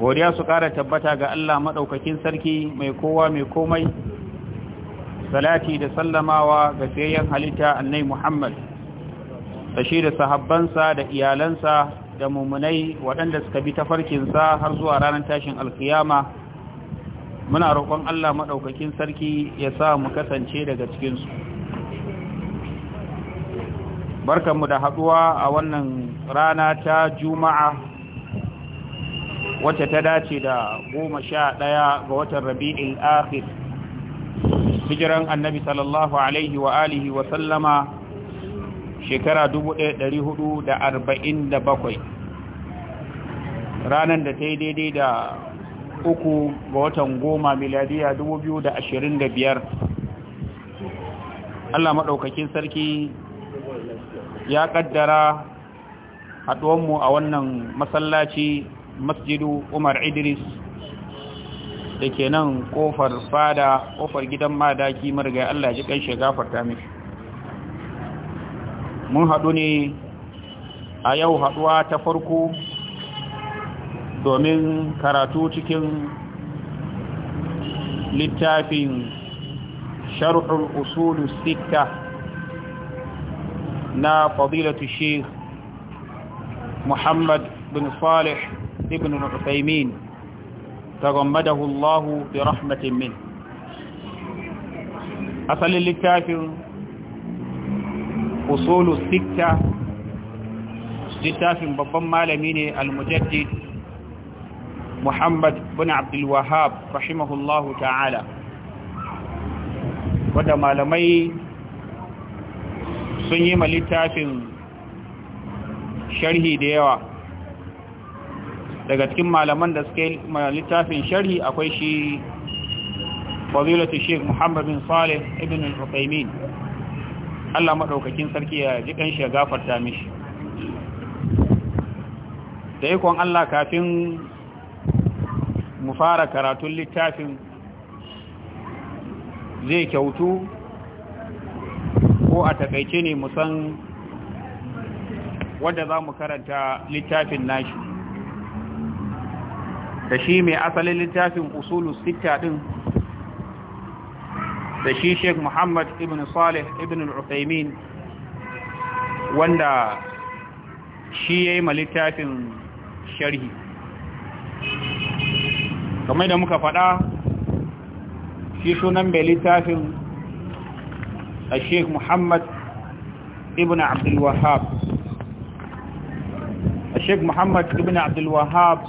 godiya su ƙara tabbata ga Allah maɗaukakin sarki mai kowa mai komai salati da sallamawa ga fiyayyen halitta annai Muhammad da shi da sahabbansa da iyalansa da mummunai waɗanda suka bi tafarkinsa har zuwa ranar tashin alkiyama muna roƙon Allah maɗaukakin sarki ya sa mu kasance daga cikinsu barkanmu da haɗuwa a wannan rana ta juma'a Wata ta dace da goma sha ɗaya ga watan rabi'il akhir hijiran annabi sallallahu alaihi wa alihi wa sallama shekara 1447 ranar da ta yi daidai da uku ga watan goma miladiya 2025 Allah maɗaukakin sarki ya ƙaddara haɗuwanmu a wannan masallaci masjidu umar idris da ke nan kofar fada kofar gidan madaki marga allah ji kan gafarta mishi mun haɗu ne a yau haɗuwa ta farko domin karatu cikin littafin sharhul usulu sitta na fadilatu sheikh muhammad bin salih ابن العثيمين تغمده الله برحمة منه أصل للتافر أصول الستة للتافر ببما لمين المجدد محمد بن عبد الوهاب رحمه الله تعالى wadda malamai sun yi littafin sharhi da yawa daga cikin malaman da suke littafin sharhi akwai shi fadilatu sheik muhammad bin salih ibn al-husaymin Allah madaukakin sarki ya ji kanshi ya gafarta mishi da ikon Allah kafin mu fara karatun littafin zai kyautu ko a takaice ne musan wadda za mu karanta littafin nashi da shi mai asalin littafin usulu sita din da shi sheik muhammad ibn salih ibn al-usaimin wanda shi ya yi littafin sharhi kamar da muka faɗa shi sunan mai littafin a sheik muhammad ibn abdulwahab a sheik muhammad ibn abdulwahab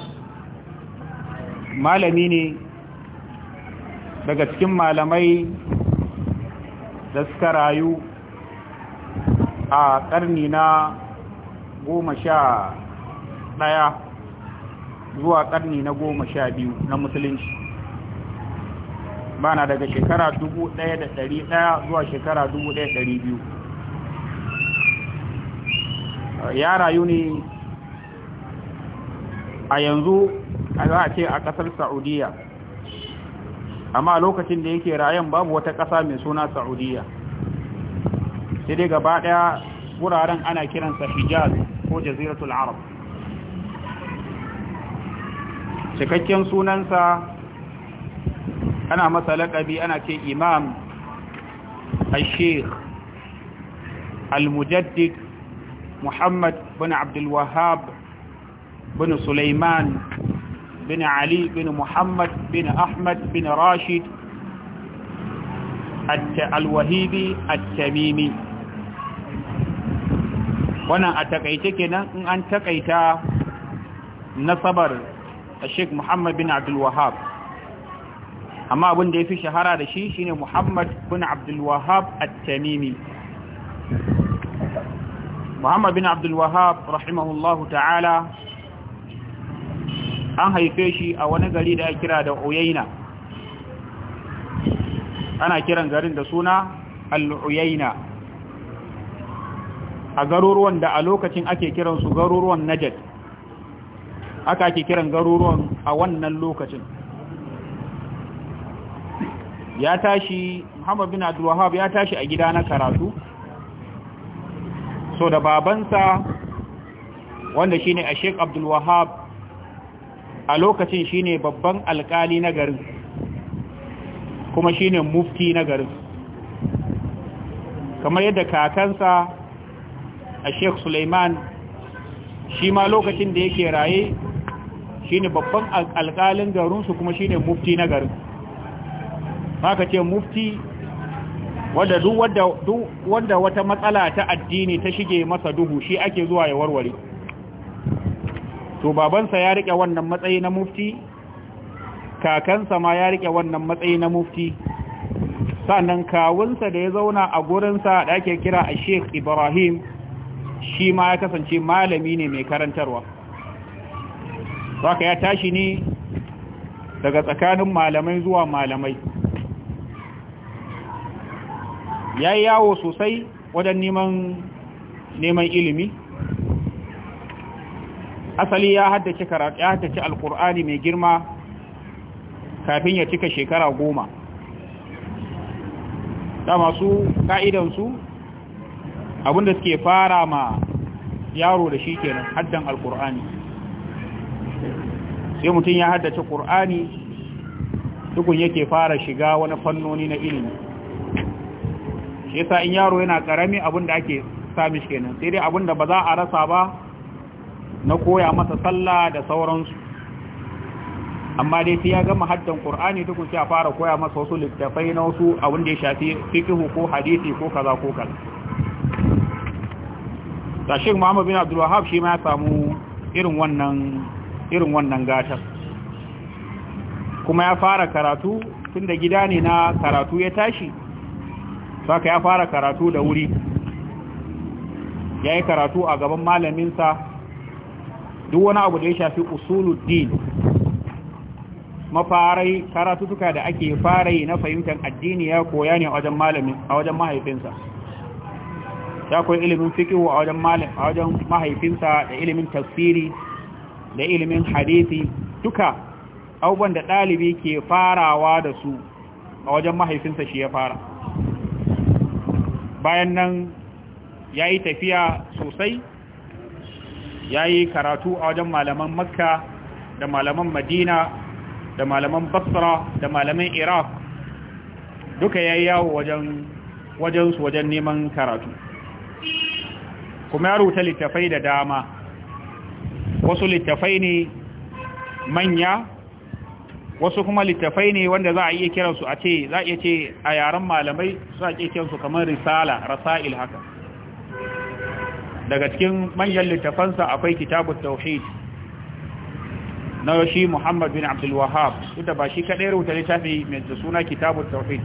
malami ne daga cikin malamai da suka rayu a ƙarni na goma sha ɗaya zuwa ƙarni na goma sha biyu na musulunci bana daga shekara dubu ɗaya da ɗari ɗaya zuwa shekara dubu ɗaya ɗari biyu ya rayu ne a yanzu a za a ce a ƙasar saudiya amma lokacin da yake rayan babu wata ƙasa mai suna saudiya sai dai gaba ɗaya wuraren ana kiransa hijaz ko jaziratul arab cikakken sunansa ana masa laƙabi ana ce imam al-sheikh al-mujaddid muhammad bin abdulwahab bin suleiman بن ali bin محمد bin أحمد bin rashid الوهيبي التميمي wannan a takaice kenan in an takaita nasabar Sheikh Muhammad bin Abdul Wahhab amma abin da yafi shahara da shi shine Muhammad bin Abdul tamimi Muhammad bin Abdul Wahhab rahimahullahu ta'ala an haife shi a wani gari da ya kira da uyaina ana kiran garin da suna al-uyaina a garuruwan da a lokacin ake kiran su garuruwan najad aka ake kiran garuruwan a wannan lokacin ya tashi Muhammad bin Abdul Wahhab ya tashi a gida na karatu so da babansa wanda shine Sheikh Abdul Wahhab a lokacin shi ne babban alkali na garin kuma shi ne mufti na garin kamar yadda kakansa a sheikh suleiman shi ma lokacin da yake raye shi ne babban alkalin garinsu kuma shi ne mufti na garin ka ce mufti wadda duk wanda wata matsala ta addini ta shige masa duhu shi ake zuwa ya warware to babansa ya rike wannan matsayi na mufti kakansa ma ya rike wannan matsayi na mufti sannan kawunsa da ya zauna a gurinsa da ake kira a sheikh ibrahim shi ma ya kasance malami ne mai karantarwa saka ya tashi ne daga tsakanin malamai zuwa malamai ya yi yawo sosai wajen neman ilimi asali ya haddace karatu ya haddace alkur'ani mai girma kafin ya cika shekara goma Da masu su abinda suke fara ma yaro da shi kenan haddan alqur'ani sai mutum ya haddace qur'ani dukun yake fara shiga wani fannoni na ilimi shi yasa in yaro yana karami abinda ake sami kenan sai dai abinda ba za a rasa ba na koya masa sallah da sauransu amma dai sai ya gama haddan qur'ani duk sai a fara koya masa wasu littafai na wasu abin da ya shafi fiqh ko hadisi ko kaza ko kaza Sheikh Muhammad bin Abdul shi ma ya samu irin wannan irin wannan gatar kuma ya fara karatu tunda gida ne na karatu ya tashi saka ya fara karatu da wuri ya yi karatu a gaban malaminsa duk wani abu da ya shafi usuluddin mafarai karatutuka da ake fara yi na fahimtar addini ya koya ne a wajen malami a wajen mahaifinsa ya koyi ilimin fikihu a wajen malami a wajen mahaifinsa da ilimin tafsiri da ilimin hadisi duka abubuwan da ɗalibi ke farawa da su a wajen mahaifinsa shi ya fara bayan nan ya yi tafiya sosai ya yi karatu a wajen malaman makka da malaman madina da malaman basra da malaman iraq duka ya yi yawo wajen su wajen neman karatu kuma ya rute littafai da dama wasu littafai ne manya wasu kuma littafai ne wanda za a iya kiransu a ce za a iya ce a yaren malamai su a iya kiransu kamar risala rasa'il haka daga cikin manyan littafansa akwai kitabu tauhid na shi muhammad bin Abdulwahab, wahab ba shi kaɗai rubuta littafi mai da suna kitabu tauhid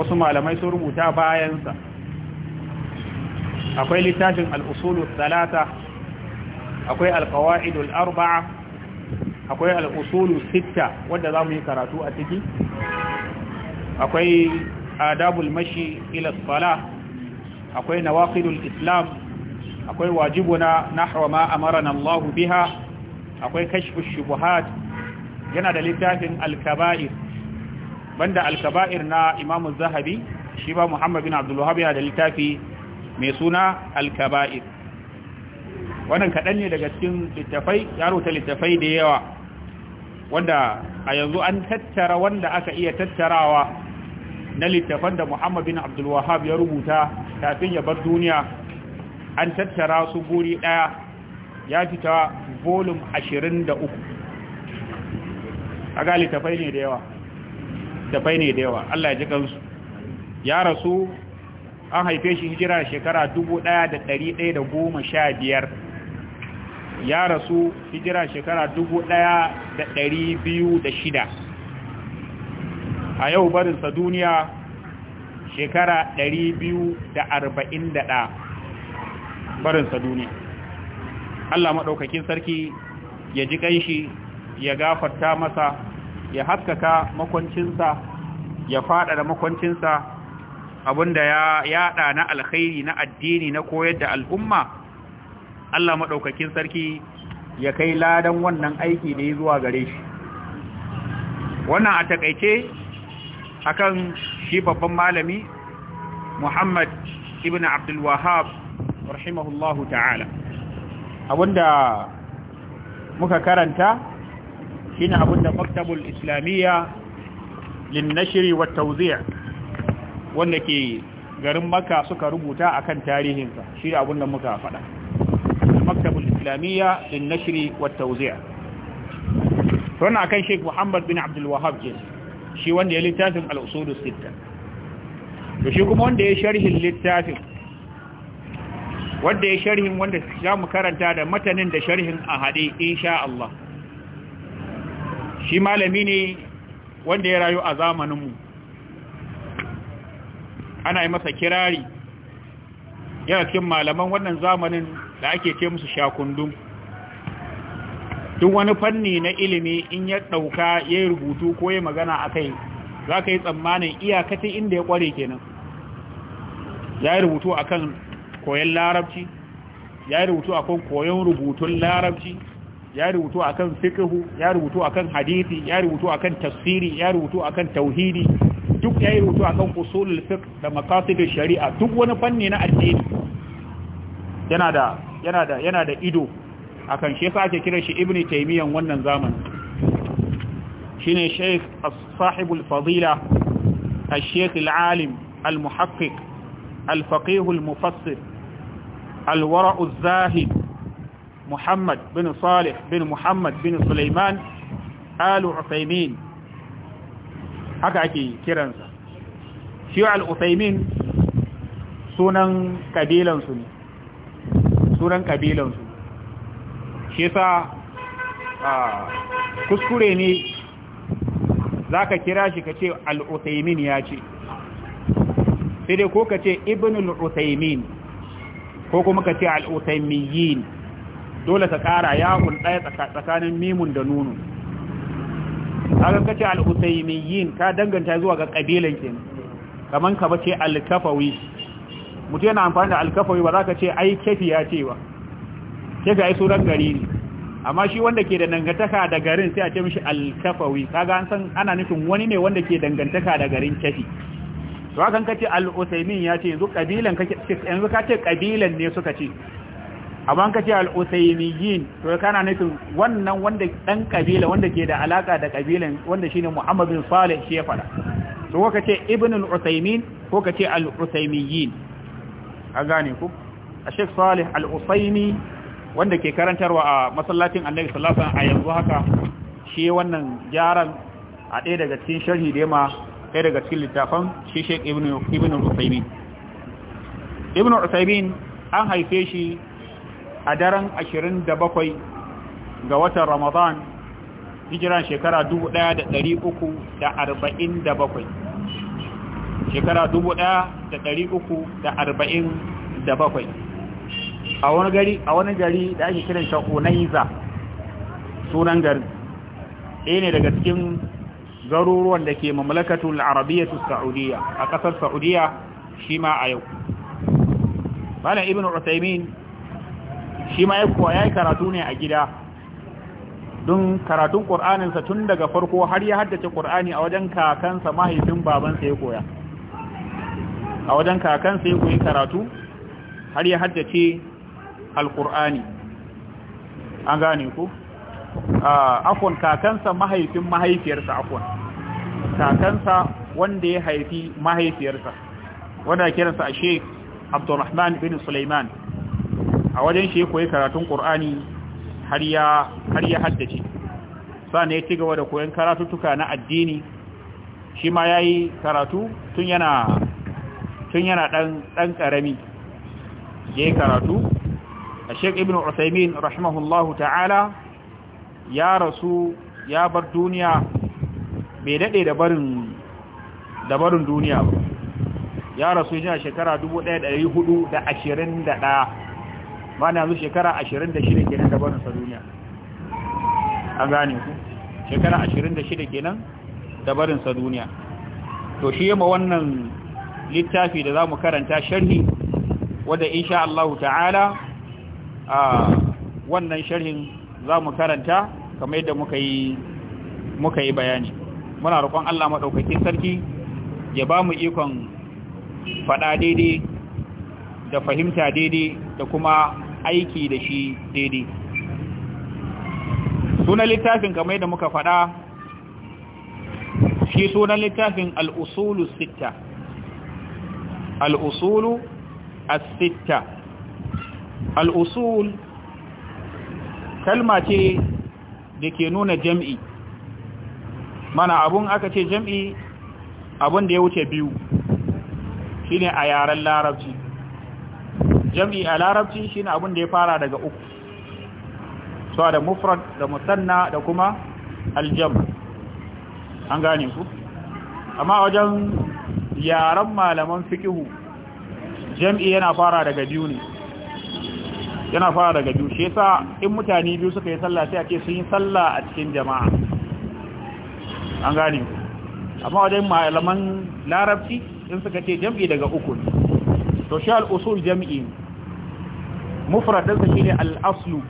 wasu malamai sun rubuta bayansa akwai littafin al'usulu talata akwai alkawa'idul arba'a akwai al'usulu sita, wadda za mu yi karatu a ciki akwai adabul mashi ila salah akwai nawaqidul islam akwai wajibuna nahwa ma amarana Allah biha akwai kashfu shubuhat yana da littafin al-kaba'ir banda al-kaba'ir na Imam zahabi shi ba Muhammad bin Abdul Wahhab yana da littafi mai suna al-kaba'ir wannan kadan ne daga cikin littafai yaro ta littafai da yawa wanda a yanzu an tattara wanda aka iya tattarawa na littafan da Muhammad bin Abdul Wahhab ya rubuta kafin ya bar duniya an tattara su guri ɗaya ya fita volum 23 a gali tafai ne da yawa tafai ne da yawa Allah ya ji kansu ya rasu an haife shi hijira shekara 1115 ya rasu hijira shekara 1206 a yau barinsa duniya shekara 241 barinsa duniya Allah maɗaukakin sarki ya ji ƙanshi ya gafarta masa ya haskaka makwancinsa ya da makwancinsa abinda ya yaɗa na alkhairi na addini na koyar da al'umma Allah maɗaukakin sarki ya kai ladan wannan aiki da ya zuwa gare shi wannan a takaice akan shi babban malami Muhammad ibn Abdul Wahhab rahimahullahu ta'ala abinda muka karanta shine abinda maktabul islamiyya lin wa tawzi' wanda ke garin Makka suka rubuta akan tarihin sa shi abinda muka faɗa maktabul islamiyya lin wa tawzi' to wannan akan Sheikh Muhammad bin Abdul Wahhab ke shi wanda ya littafin al-usul as-sittah to shi kuma wanda ya sharhin littafin wanda ya sharhin wanda za mu karanta da matanin da sharhin a haɗe insha Allah shi malami ne wanda ya rayu a zamaninmu ana yi masa kirari yana cikin malaman wannan zamanin da ake ce musu shakundun duk wani fanni na ilimi in ya ɗauka ya yi rubutu ko ya magana a kai za ka yi tsammanin iyakacin inda ya ƙware kenan ya yi rubutu akan koyon larabci ya yi rubutu akan koyon rubutun larabci ya rubutu akan fikihu, ya rubutu akan hadisi ya rubutu akan tafsiri ya rubutu akan tauhidi duk ya rubutu akan usulul fiqh da maqasidish shari'a duk wani fanni na addini yana da yana da yana da ido akan shi yasa ake kiran shi ibnu taymiyan wannan zamanin shine sheikh as-sahibul fadila al-sheikh al-alim al الورع الزاهد محمد بن صالح بن محمد بن سليمان آل haka ake kiransa shi al'usaimin sunan kabilansu ne shi sa kuskure ne za ka kira shi ka ce al'usaimin ya ce sai dai ko ka ce ibn al'usaimin ko kuma ka ce al'utaimiyyin dole ta kara yawon ɗaya tsakanin mimun da nunu ka ce kace al'utaimiyyin ka danganta zuwa ga ƙabilan ke kaman ka bace alkafawi mutu yana amfani da alkafawi ba za ka ce ai kefi ya ce ba kefi ai sunan gari ne amma shi wanda ke da dangantaka da garin sai a ce mishi alkafawi kaga an san ana nufin wani ne wanda ke dangantaka da garin kefi to ka ce al-usaymin ya ce yanzu kabilan kake yanzu ka ce kabilan ne suka ce amma kace al-usaymiyin to kana nufin wannan wanda ɗan kabila wanda ke da alaƙa da kabilan wanda shi ne bin Salih shi ya faɗa to ka ce ibn al-usaymin ko kace al-usaymiyin a gane ku a Sheikh Salih al-usaymi wanda ke karantarwa a masallacin Annabi sallallahu alaihi wasallam a yanzu haka shi wannan jaran a ɗaya daga cikin sharhi da ma ɗaya daga cikin littafan shi Sheikh Ibn Uthaymeen Ibn Uthaymeen an haife shi a daren 27 ga watan Ramadan hijiran shekara 1347 shekara 1347 a wani gari a wani gari da ake kiran shi Unaiza sunan garin ɗaya ne daga cikin garuruwan da ke mamlakatul arabiyyatu saudiya a kasar saudiya shi ma a yau malam ibn usaimin shima ya kuwa karatu ne a gida don karatun qur'aninsa tun daga farko har ya haddace qur'ani a wajen kakansa mahaifin babansa ya koya a wajen kakansa ya koyi karatu har ya haddace alqur'ani an gane ku afon kakansa mahaifin mahaifiyarsa afon kakansa wanda ya haifi mahaifiyarsa wanda kiransa a sheik abdurrahman bin suleiman a wajen shi koyi karatun ƙur'ani har ya haddace sannan ya ci gaba da koyon karatuttuka na addini shi ma ya yi karatu tun yana ɗan ƙarami ya yi karatu a sheik ibn usaimin rahimahullahu ta'ala ya rasu ya bar duniya bai daɗe da barin duniya ba ya rasu jina shekara 1421 ba na yanzu shekara 26 kenan da barinsa duniya a gane ku shekara 26 kenan da barinsa duniya to shi yamma wannan littafi da za mu karanta sharhi wadda insha Allah ta'ala a wannan sharhin za mu karanta kamar yadda muka yi bayani muna roƙon Allah maɗaukakin sarki ya ba mu ikon faɗa daidai da fahimta daidai da kuma aiki da shi daidai sunan littafin kamar yadda muka faɗa shi sunan littafin al'usulu sitta al'usulu as-sitta al'usul kalma ce da ke nuna jam'i mana abun aka ce jam'i abun da ya wuce biyu shine a yaren larabci jam'i a larabci shine abun da ya fara daga uku su da mufrad da musanna da kuma aljam an gane ku amma wajen yaren malaman fikihu jam'i yana fara daga biyu ne yana fara daga biyu sa in mutane biyu suka yi sallah sai a ce sun yi sallah a cikin jama'a an gane amma wajen malaman larabci in suka ce jam'i daga uku to shi al-usul jam'i mufradin sa shine al-aslu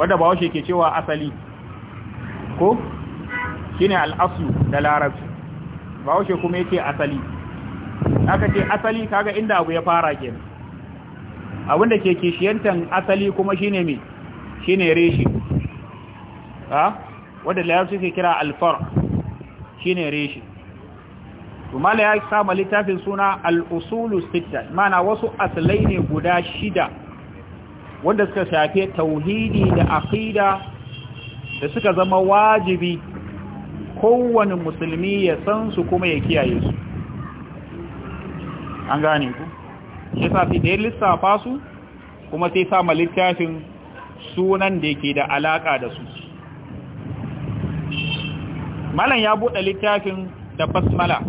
wanda ba washe ke cewa asali ko shine al-aslu da larabci ba washe kuma yake asali aka ce asali kaga inda abu ya fara kenan abinda ke kishiyantan asali kuma shine me shine reshi ha wanda larabci ke kira alfar shine reshi kuma ya sama littafin suna al-usulu sitta mana wasu asalai ne guda shida wanda suka shafe tauhidi da aqida da suka zama wajibi kowane musulmi ya san su kuma ya kiyaye su an gane ku ya sa sai lissafa su kuma sai sama littafin sunan da yake da alaƙa da su malam ya buɗe littafin da basmala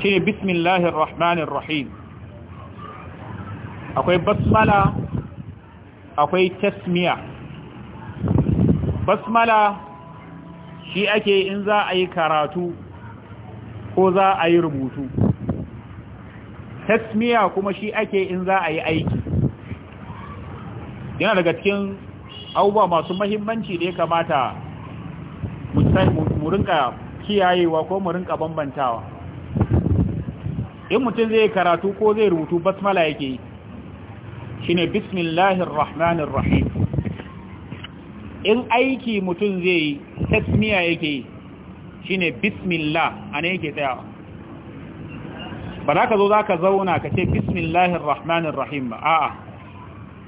shi ne bismillahir rahmanir rahim akwai basmala akwai tasmiya basmala shi ake in za a yi karatu ko za a yi rubutu tasmiya kuma shi ake in za a yi aiki yana daga cikin abubuwa masu mahimmanci da ya kamata mu rinka kiyayewa ko mu rinka bambantawa in mutum zai karatu ko zai rubutu basmala yake yi shine bismillahir in aiki mutum zai tasmiya yake yi shine bismillah ana yake tsayawa ba za ka zo za ka zauna ka ce bismillahir rahmanir rahim a'a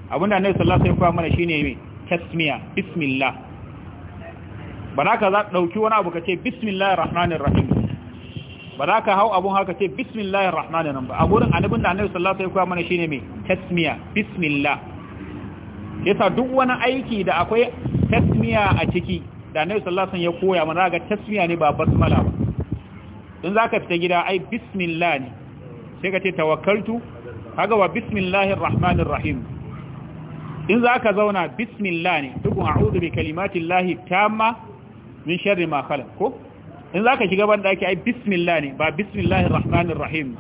abinda annabi sallallahu alaihi wasallam mana shine me tasmiya bismillah ba za ka dauki wani abu ka ce bismillahir rahmanir rahim ba za ka hau abun haka ce bismillahir rahmanir rahim ba a gurin annabin da annabi sallallahu alaihi wasallam mana shine me tasmiya bismillah yasa duk wani aiki da akwai tasmiya a ciki da annabi sallallahu alaihi wasallam ya koya mana ga tasmiya ne ba basmala ba in zaka fita gida ai bismillah ne sai ka ce tawakkaltu kaga wa bismillahir rahmanir rahim in za ka zauna bismillah ne tukun a'udhu bi kalimatillahi tamma min sharri ma khalaq ko in za ka shiga ban daki ai bismillah ne ba bismillahir rahmanir rahim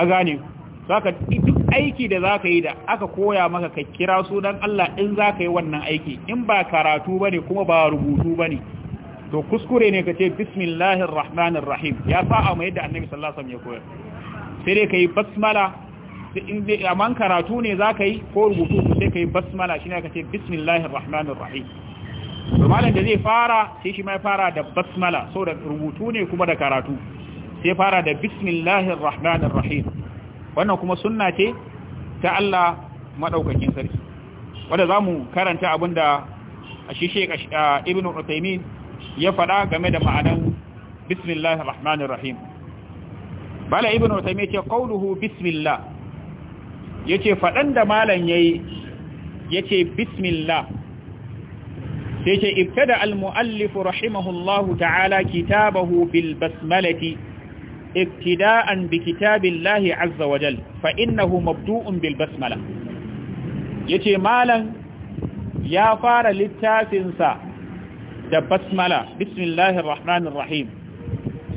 a gane zaka duk aiki da zaka yi da aka koya maka ka kira sunan Allah in zaka yi wannan aiki in ba karatu bane kuma ba rubutu bane to kuskure ne ka ce bismillahir rahmanir rahim ya fa'a mai yadda annabi sallallahu alaihi wasallam ya koyar sai dai kai basmala in dai aman karatu ne zakai ko rubutu sai kai basmala shine ka ce bismillahir rahmanir rahim to malam da zai fara sai shi mai fara da basmala so da rubutu ne kuma da karatu sai fara da bismillahir rahmanir rahim wannan kuma sunna ce ta Allah madaukakin sarki wanda zamu karanta abinda a shi Sheikh Ibn Uthaymeen ya faɗa game da ma'anan bismillahir rahmanir rahim bala ibn utaym yace qawluhu bismillah yace faɗan da malan yayi yace bismillah sai ce ibtada al mu'allifu rahimahullahu ta'ala kitabahu bil basmalati ibtida'an bi kitabillahi azza wa jal fa innahu mabdu'un bil basmala yace malan ya fara littafinsa da basmala bismillahir rahmanir rahim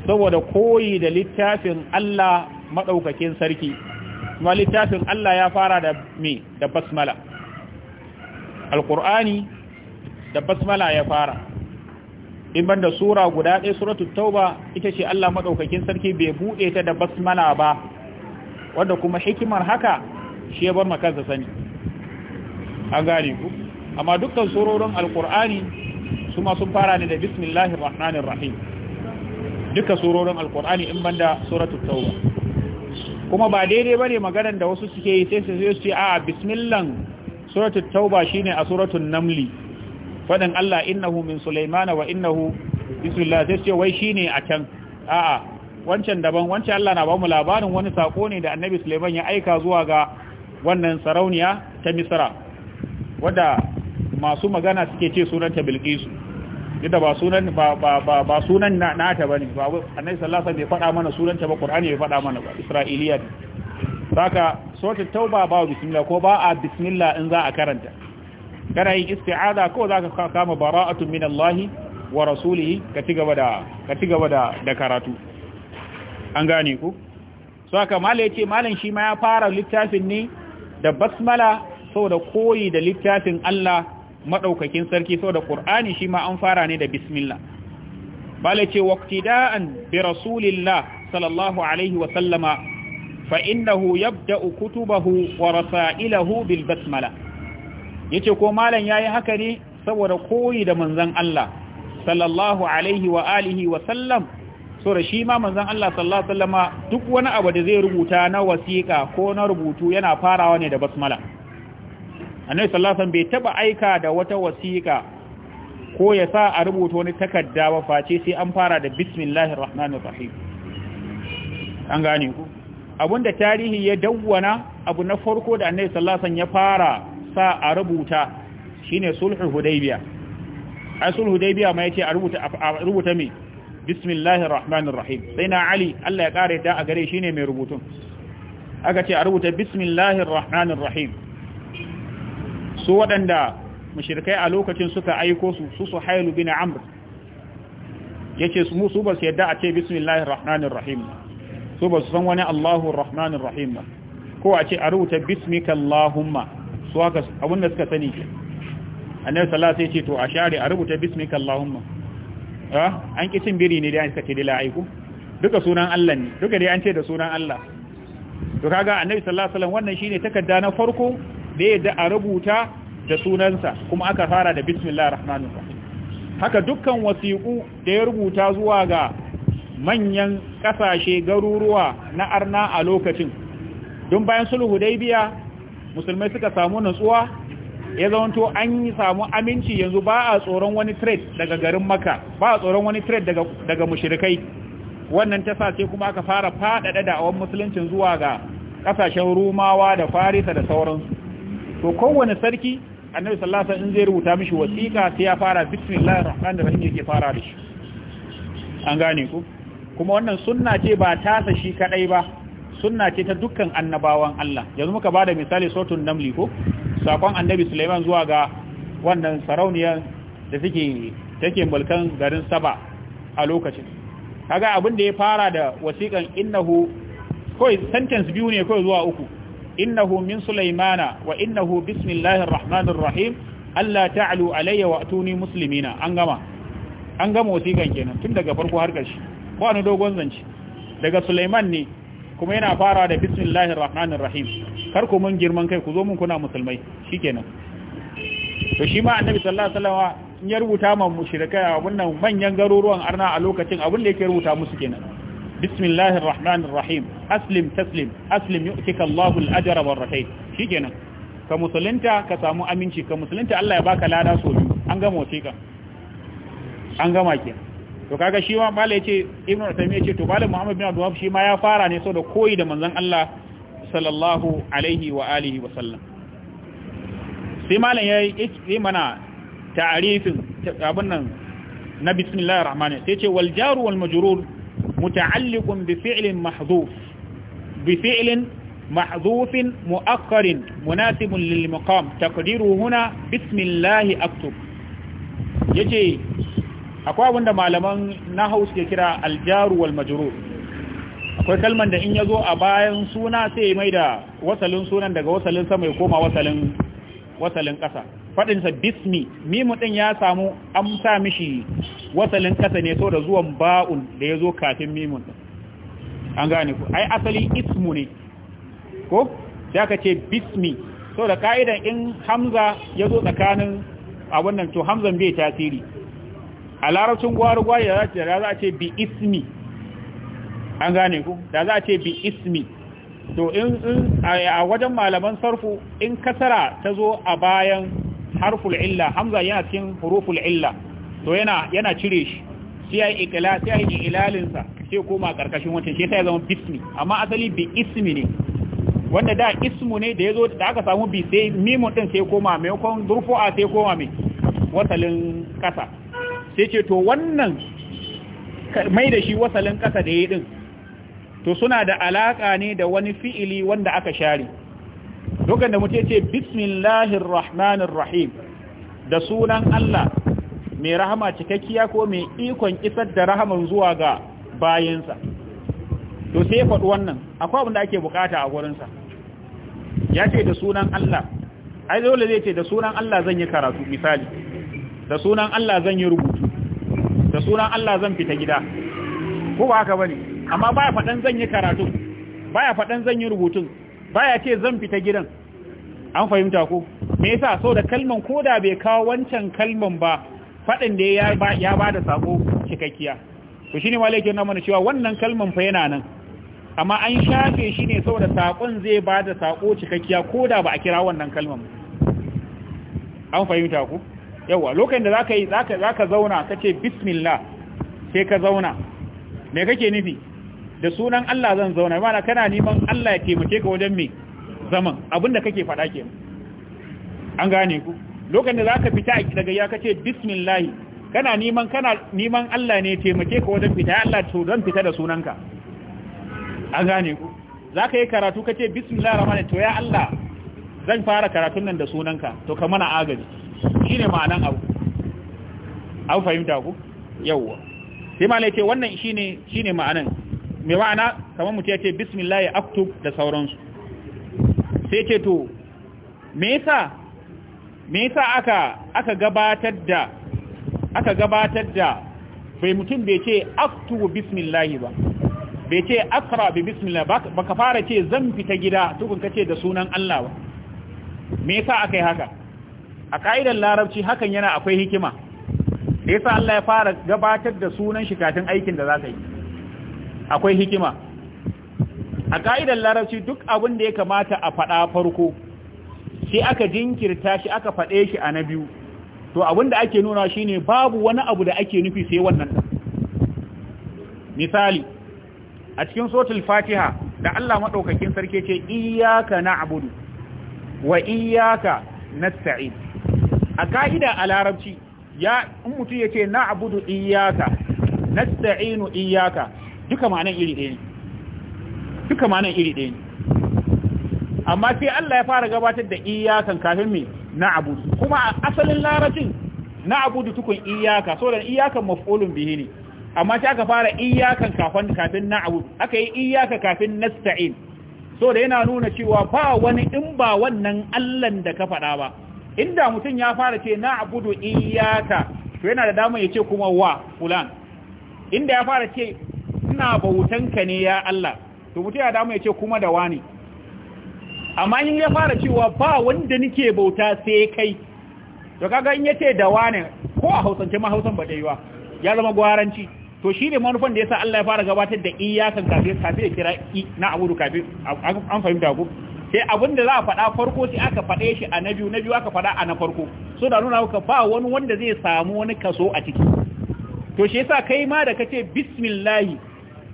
saboda koyi da littafin Allah madaukakin sarki kuma littafin Allah ya fara da me da basmala alqur'ani da basmala ya fara in banda sura guda ɗaya suratul tauba ita ce Allah madaukakin sarki bai bude ta da basmala ba wanda kuma hikimar haka shi ya bar makansa sani an gane ku amma dukkan surorin alqur'ani su ma sun fara ne da bismillahir rahmanir rahim duka surorin alqur'ani in banda suratul tauba kuma ba daidai bane maganar da wasu suke yi sai su zo su ce a bismillah suratul tauba shine a suratul namli fadan Allah innahu min sulaimana wa innahu bismillah sai ce wai shine a can a'a wancan daban wancan Allah na ba mu labarin wani sako ne da Annabi Sulaiman ya aika zuwa ga wannan sarauniya ta Misra wadda masu magana suke ce sunanta bilkisu yadda ba sunan ba ba ba ba sunan nata bane ba annabi sallallahu alaihi wasallam bai faɗa mana sunanta ba qur'ani bai faɗa mana ba isra'iliya ne saka sota tauba ba bismillah ko ba a bismillah in za a karanta kana yin isti'aza ko za ka kama bara'atu min Allah wa rasulihi ka ci gaba da ka ci gaba da da karatu an gane ku saka malai yace malam shi ma ya fara littafin ne da basmala saboda koyi da littafin Allah madaukakin sarki saboda qur'ani shi ma an fara ne da bismillah bale ce waqtida'an bi rasulillah sallallahu alaihi wa sallama fa innahu yabda'u kutubahu wa rasailahu bil basmala yace ko malam yayi haka ne saboda koyi da manzon Allah sallallahu alaihi wa alihi wa sallam so da shi ma manzon Allah sallallahu alaihi wa sallama duk wani abu da zai rubuta na wasiqa ko na rubutu yana farawa ne da basmala annabi sallallahu bai taba aika da wata wasiƙa ko ya sa a rubuta wani takarda ba face sai an fara da bismillahir rahmanir rahim an gane ku abinda tarihi ya dawwana abu na farko da annabi sallallahu ya fara sa a rubuta shine sulhul hudaybiya ai sulhul hudaybiya ma ce a rubuta a rubuta me bismillahir rahmanir rahim sai na ali Allah ya kare ta a gare shine mai rubutun aka ce a rubuta bismillahir rahmanir rahim su waɗanda mushrikai a lokacin suka aiko su su suhailu bin amr yace su musu ba su yadda a ce bismillahir rahmanir rahim su ba su san wani Allahu rahmanir rahim ba ko a ce a rubuta bismika allahumma su haka abinda suka sani ke annabi sallallahu alaihi ce to a share a rubuta bismika allahumma an ki cin biri ne dai an saka dila aiku duka sunan Allah ne duka dai an ce da sunan Allah to kaga annabi sallallahu alaihi wasallam wannan shine takarda na farko da yadda a rubuta da sunansa kuma aka fara da bismillah rahmanir haka dukkan wasiƙu da ya rubuta zuwa ga manyan ƙasashe garuruwa na arna a lokacin don bayan sulhu dai biya musulmai suka samu nutsuwa ya zamanto an yi samu aminci yanzu ba a tsoron wani trade daga garin maka ba a tsoron wani trade daga, daga mushirikai wannan ta sace kuma aka fara faɗaɗa da'awar musuluncin zuwa ga ƙasashen rumawa da farisa da sauransu to kowane sarki annabi sallallahu alaihi wasallam in zai rubuta mishi wasiƙa sai ya fara bismillahir rahmanir rahim yake fara da shi an gane ku kuma wannan sunna ce ba tasa shi kadai ba sunna ce ta dukkan annabawan Allah yanzu muka bada misali sautun namli ko sakon annabi Sulaiman zuwa ga wannan sarauniyar da suke take mulkan garin Saba a lokacin kaga abin da ya fara da wasiƙan innahu koi sentence biyu ne koi zuwa uku innahu min sulaimana wa innahu bismillahir rahmanir rahim Allah ta'alu alayya wa a muslimina an gama an gama wasiƙan kenan tun daga farko har ƙarshe ba ni dogon zance daga Sulaiman ne kuma yana fara da bismillahir rahmanir rahim kar mun girman kai kuzo zo mun kuna musulmai shikenan to shi ma annabi sallallahu alaihi wasallam ya rubuta ma mushrikai a wannan manyan garuruwan arna a lokacin abin da yake rubuta musu kenan بسم الله الرحمن الرحيم أسلم تسلم أسلم يؤتك الله الأجر والرحيم شي كنا كمسلنتا كسامو أمينشي كمسلنتا الله يباك لا ناسو بيو أنغم وشيكا أنغم أكينا to kaga shi ma mala yace ibnu usaymi yace to malam muhammad bin abdul shi ma ya fara ne saboda koyi da manzon Allah sallallahu alaihi wa alihi wa sai malam ya yi mana ta'arifin abun nan na bismillahir rahmanir sai ce wal wal majrur متعلق بفعل محذوف بفعل محذوف مؤخر مناسب للمقام تقديره هنا بسم الله أكتب يجي akwai abinda malaman na ya kira aljaru wal akwai kalman da in yazo a bayan suna sai mai da wasalin sunan daga wasalin sama ya koma wasalin wasalin ƙasa faɗinsa bismi mimu ɗin ya samu an sa mishi wasalin ƙasa ne so da zuwan ba'un da ya zo kafin mimun ɗin an gane ku ai asali ismu ne ko da ka ce bismi so da ka'idan in hamza ya zo tsakanin a wannan to hamzan bai tasiri a larabcin gwari-gwari da za a ce bi ismi an gane ku da za a ce bi ismi to in a wajen malaman sarfu in kasara ta zo a bayan harful illa hamza yana cikin huruful illa to yana yana cire shi sai ai ikla sai ai ilalin sa sai koma karkashin wancan sai sai zama bismi amma asali bi ismi ne wanda da ismu ne da yazo da aka samu bi sai mimun din sai koma durfu a sai koma mai wasalin kasa sai ce to wannan mai da shi wasalin kasa da yayi din to suna da alaka ne da wani fi'ili wanda aka share dokan da mutum ce bismillahir rahmanir rahim da sunan Allah mai rahama cikakkiya ko mai ikon isar da rahaman zuwa ga bayansa to sai faɗi wannan akwai abin da ake bukata a gurinsa ya ce da sunan Allah ai dole zai ce da sunan Allah zan yi karatu misali da sunan Allah zan yi rubutu da sunan Allah zan fita gida ko ba haka bane amma baya faɗan zan yi karatu baya faɗan zan yi rubutun baya ce zan fita gidan an fahimta ko me yasa so da kalman koda bai kawo wancan kalman ba faɗin da ya ba ya bada sako cikakkiya to shine malai ke mana cewa wannan kalman fa yana nan amma an shafe shi ne saboda sakon zai bada sako cikakkiya koda ba a kira wannan kalman an fahimta ku yawa lokacin da zaka yi zaka zaka zauna kace bismillah sai ka zauna me kake nufi da sunan Allah zan zauna mana kana neman Allah ya taimake ka wajen me zaman abinda kake faɗa ke an gane ku lokacin da zaka fita daga ya kace bismillah kana neman kana neman Allah ne taimake ka wajen fita ya Allah to zan fita da sunanka an gane ku zaka yi karatu kace bismillah rahman to ya Allah zan fara karatun nan da sunanka to ka mana agaji shine ma'anan abu an fahimta ku yawwa sai malai ce wannan shine shine ma'anan mai wa'ana kamar mutu ya ce bismillah ya aktub da sauransu sai ce to me yasa me yasa aka aka gabatar da aka gabatar da bai mutum bai ce aktubu bismillah ba bai ce akra bi bismillah ba ka fara ce zan fita gida tukun kace da sunan Allah ba me yasa akai haka a kaidar larabci hakan yana akwai hikima da yasa Allah ya fara gabatar da sunan shi kafin aikin da za ka yi akwai hikima a ka'idar larabci duk abin da ya kamata a faɗa farko sai aka jinkirta shi aka faɗe shi a na biyu to abin da ake nuna shi ne babu wani abu da ake nufi sai wannan misali a cikin sotul fatiha da Allah maɗaukakin sarki ce iyaka na abudu wa iyaka na nasta'in a ka'ida a larabci ya in mutu ya ce na abudu iyaka na nasta'inu iyaka duka ma'anan iri ɗaya ne duka ma'anan iri ɗaya ne amma sai Allah ya fara gabatar da iyakan kafin me na abudu kuma a asalin larabcin na abudu tukun iyaka so da iyakan maf'ulun bihi ne amma sai aka fara iyakan kafin kafin na abudu aka yi iyaka kafin nasta'in so da yana nuna cewa ba wani in ba wannan Allah da ka faɗa ba inda mutum ya fara ce na abudu iyaka to yana da dama ya ce kuma wa fulan inda ya fara ce bautan ka ne ya Allah to mutum ya damu ya ce kuma da wani amma in ya fara cewa ba wanda nike bauta sai kai to kaga in yace da wani ko a hausance ma hausan ba dai ya zama gwaranci to shine manufan da yasa Allah ya fara gabatar da iyakan kafin kafin ya kira na abudu kafin an fahimta ku sai abin da za a faɗa farko sai aka faɗe shi a na biyu na biyu aka faɗa a na farko so da nuna maka ba wani wanda zai samu wani kaso a ciki to shi yasa kai ma da kace bismillahi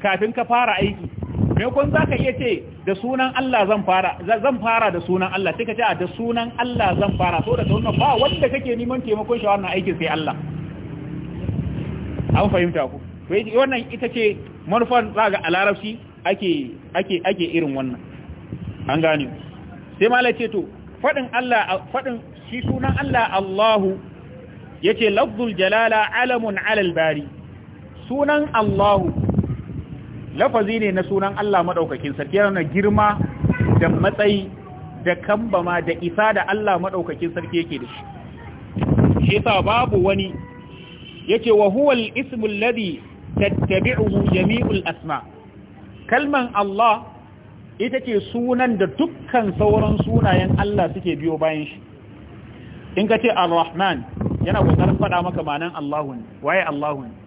kafin ka fara aiki me kun zaka iya ce da sunan Allah zan fara zan fara da sunan Allah sai ka ce da sunan Allah zan fara to da wannan ba wanda kake neman taimakon shi wannan aikin sai Allah an fahimta ku wannan ita ce manufan zaga a larabci ake ake ake irin wannan an gane sai malai ce to fadin Allah fadin shi sunan Allah Allahu yace lafzul jalala alamun alal bari sunan Allahu lafazi ne na sunan Allah maɗaukakin sarki yana girma da matsayi da kambama da isa da Allah maɗaukakin sarki yake da shi shi sa babu wani yace wa huwal al-ismu tattabi'uhu jami'ul asma kalman Allah ita ce sunan da dukkan sauran sunayen Allah suke biyo bayan shi in ka ce ar-rahman yana kokarin faɗa maka manan Allahu ne waye Allahu ne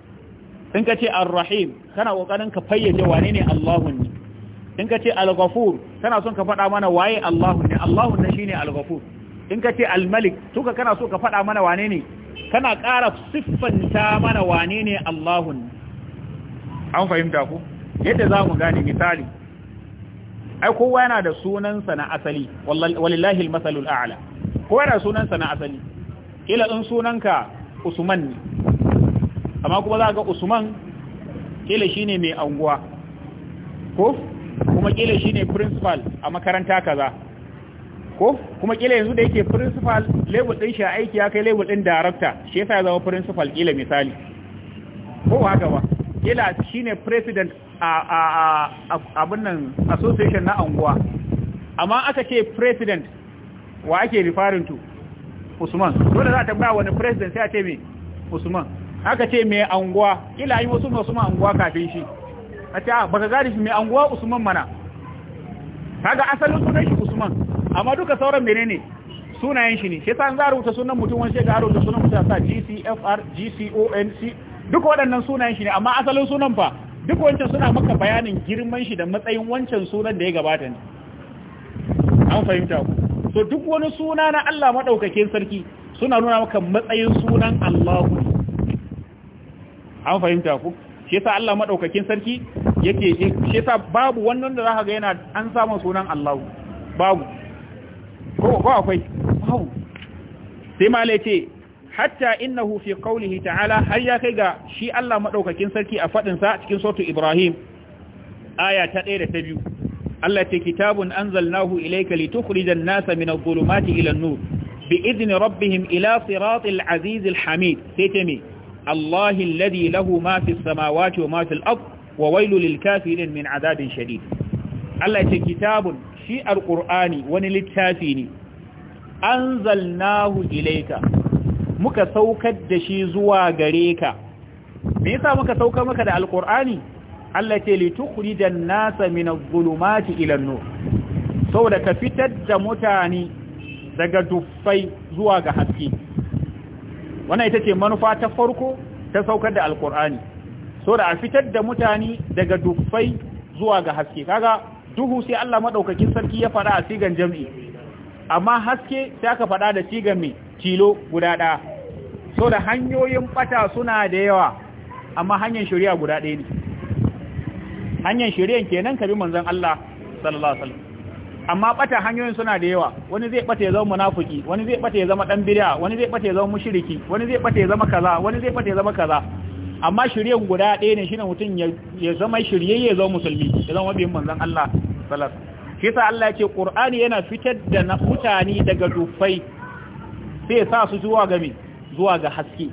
in ka ce al rahim kana kokarin ka fayyace wane ne Allahun ne in ka ce al-ghafur kana son ka faɗa mana waye Allahun ne Allahun ne shine al-ghafur in ka ce al-malik tuka kana so ka faɗa mana wane ne kana ƙara siffanta mana wane ne Allahun an fahimta ku yadda za mu gane misali ai kowa yana da sunansa na asali wallahi al-masalul a'la kowa yana sunansa na asali ila in sunanka usman ne amma kuma za ga usman kila shine mai anguwa ko kuma kila shine principal a makaranta kaza ko kuma kila yanzu da yake principal level din shi a aiki ya kai level din director shi yasa ya zama principal kila misali ko haka ba kila shine president a a a abin nan association na anguwa amma aka ce president wa ake referring to Usman dole za ta ba wani president sai a ce me Usman aka ce mai anguwa ila yi wasu masu anguwa kafin shi a ce ah, ba ka gari shi mai anguwa usman mana kaga asalin sunan shi usman amma duka sauran menene sunayen shi ne shi za a rubuta sunan mutum wani shekara rubuta sunan mutum sa GCFR GCONC duka waɗannan sunayen shi ne amma asalin sunan fa duk wancan suna maka bayanin girman shi da matsayin wancan sunan da ya gabata ne an fahimta ku so duk wani suna na Allah maɗaukakin sarki suna nuna maka matsayin sunan Allahu an fahimta ku shi yasa Allah madaukakin sarki yake shi yasa babu wannan da zaka ga yana an samu sunan Allah babu ko ba akwai babu sai ma lace hatta innahu fi qawlihi ta'ala har ya kai ga shi Allah madaukakin sarki a fadin sa cikin sura Ibrahim aya ta 1 da ta 2 Allah ce kitabun anzalnahu ilayka litukhrijan nasa min adh-dhulumati ila an-nur bi idni rabbihim ila siratil azizil hamid sai ta me Allahi alladhi lahu ma fi samawati wa ma fil wa wailul lil kafirin min azabin shadid Allah ce kitabun shi alqur'ani wani littafi ne anzalnahu ilayka muka saukar da shi zuwa gare ka me yasa muka sauka maka da alqur'ani Allah ce litukhrijan nasa min adh-dhulumati ila an-nur saboda ka fitar da mutane daga duffai zuwa ga haske wannan ita ce manufa ta farko ta saukar da alkur'ani so da a fitar da mutane daga dufai zuwa ga haske kaga duhu sai Allah madaukakin sarki ya fada a sigan jami'i amma haske sai aka fada da sigan mai tilo guda ɗaya so da hanyoyin bata suna da yawa amma hanyar shari'a guda ɗaya ne hanyar shari'a kenan kabi manzon Allah sallallahu alaihi wasallam amma bata hanyoyin suna da yawa wani zai bata ya zama munafiki wani zai bata ya zama dan bid'a wani zai bata ya zama mushriki wani zai bata ya zama kaza wani zai bata ya zama kaza amma shiryen guda ɗaya ne shine mutum ya zama shirye ya zama musulmi ya zama mabiyin manzon Allah sallallahu alaihi wasallam Allah yake Qur'ani yana fitar da mutane daga dufai sai sa su zuwa ga me zuwa ga haske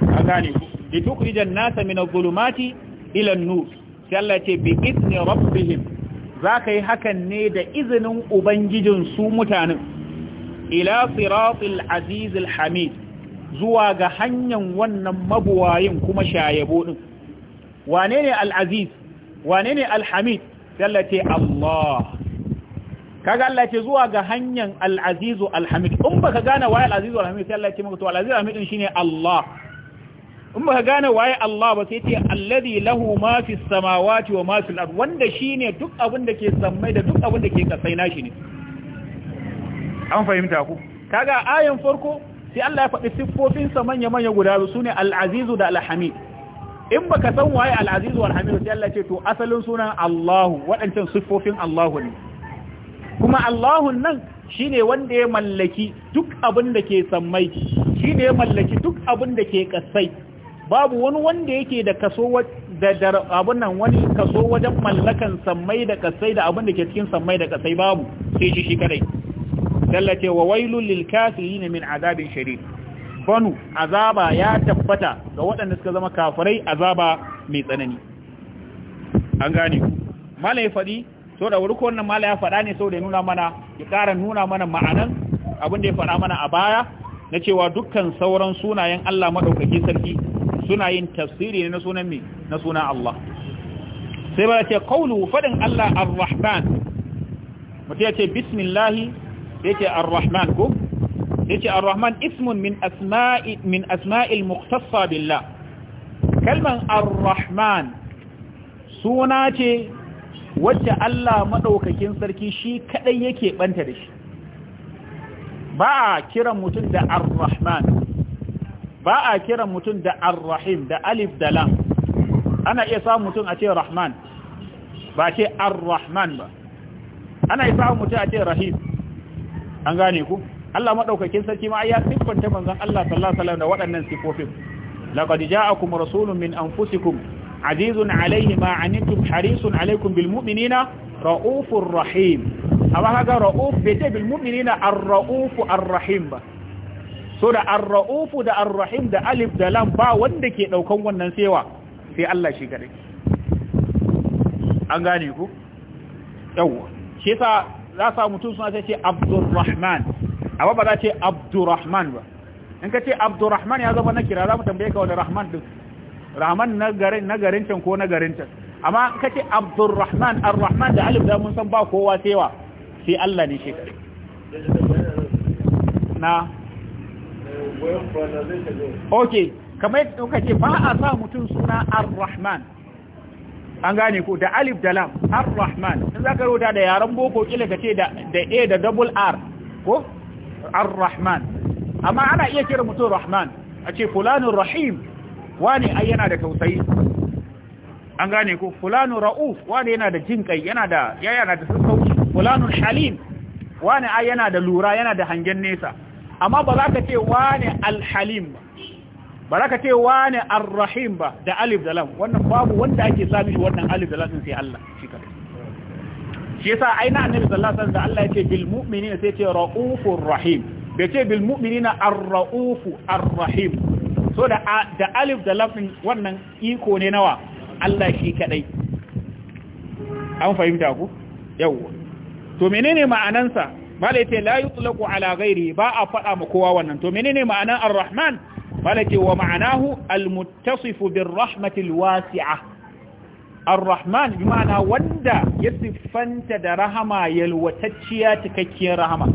ka gane litukrijan nasa min adh-dhulumati ila an-nur sai Allah yake bi idni rabbihim za ka yi hakan ne da izinin ubangijin su mutanen ila siratul azizul hamid zuwa ga hanyar wannan mabuwayin kuma shayabo din wane ne al'aziz wane ne al'hamid hamid sallace Allah ka Allah zuwa ga hanyar al'azizu alhamid in ba ka gane waye al'azizu alhamid al-hamid sallace maka to al-azizu al-hamid Allah in baka gane waye Allah ba sai ce alladhi lahu ma fi samawati wa ma fi al-ard wanda shine duk abin da ke sammai da duk abin da ke kasai nashi ne an fahimta ku kaga ayan farko sai Allah ya faɗi siffofin sa manya manya guda su sune al-azizu da al-hamid in baka san waye al-azizu wal hamid sai Allah ya ce to asalin sunan Allahu waɗancan siffofin Allahu ne kuma Allahu nan shine wanda ya mallaki duk abin da ke sammai shine ya mallaki duk abin da ke kasai babu wani wanda yake da kaso da abun nan wani kaso wajen mallakan samai da kasai da abun da ke cikin samai da kasai babu sai shi shi kadai dallace wa wailul lil kafirin min azabin shadid banu azaba ya tabbata ga waɗanda suka zama kafirai azaba mai tsanani an gane ku malai fadi so da wurko wannan malai ya fada ne saboda nuna mana ya ƙara nuna mana ma'anan abin da ya fada mana a baya na cewa dukkan sauran sunayen Allah madaukaki sarki suna yin tafsiri na sunan me na suna Allah sai ba ce qawlu fadin Allah ar-rahman mutum ya ce bismillah yace ar-rahman ko yace ar-rahman ismun min asma'il Muktasa billah kalman ar-rahman suna ce wacce Allah maɗaukakin sarki shi kaɗai yake ɓanta da shi ba kiran mutum da ar-rahman ba a kiran mutum da ar-rahim da alif da lam ana iya samun mutum a ce rahman ba ce ar-rahman ba ana iya samun mutum a ce rahim an gane ku Allah madaukakin sarki ma ya siffanta manzon Allah sallallahu alaihi wasallam da waɗannan sifofin laqad ja'akum rasulun min anfusikum azizun alayhi ma anittum harisun alaykum bil mu'minina raufur rahim amma kaga rauf bai ce bil mu'minina ar-rauf ar-rahim ba so da arra'ufu raufu da arrahim da alif da lam ba wanda ke daukan wannan sewa sai Allah shi kadai an gane ku yawa shi yasa za sa mutum suna sai ce Abdurrahman amma ba za ce Abdurrahman ba in ka ce Abdurrahman ya zama na kira za mu tambaye ka wani Rahman din Rahman na garin na garin can ko na garin can amma in ka ce Abdurrahman Ar-Rahman da alif da mun san ba kowa sewa sai Allah ne shi kadai na ok kamar yadda kuka ce ba a sa mutum suna ar-rahman an gane ko da alif da lam ar-rahman in za ka rota da yaren boko kila ka ce da a da double r ko ar-rahman amma ana iya kira mutum rahman a ce fulanin rahim wani ai yana da tausayi an gane ko fulanun ra'uf wani yana da jin kai yana da yana da sassauci fulanun halim wani ai yana da lura yana da hangen nesa amma ba za ka ce wane alhalim ba ba za ka ce wane arrahim ba da alif da lam wannan babu wanda ake sami shi wannan alif da lam sai Allah shi kadai shi yasa aina annabi sallallahu alaihi wasallam da Allah yake bil mu'minina sai ce raufur rahim bai ce bil mu'minina arraufu arrahim so da da alif da lam wannan iko ne nawa Allah shi kadai an fahimta ku yawwa to menene ma'anansa malai la yutlaqu ala ghairi ba a fad'a ma kowa wannan to menene ma'anan ar-rahman malai ce wa ma'anahu al-muttasifu bir rahmatil wasi'a ar-rahman bi ma'ana wanda ya siffanta da rahama yalwatacciya cikakkiyar rahama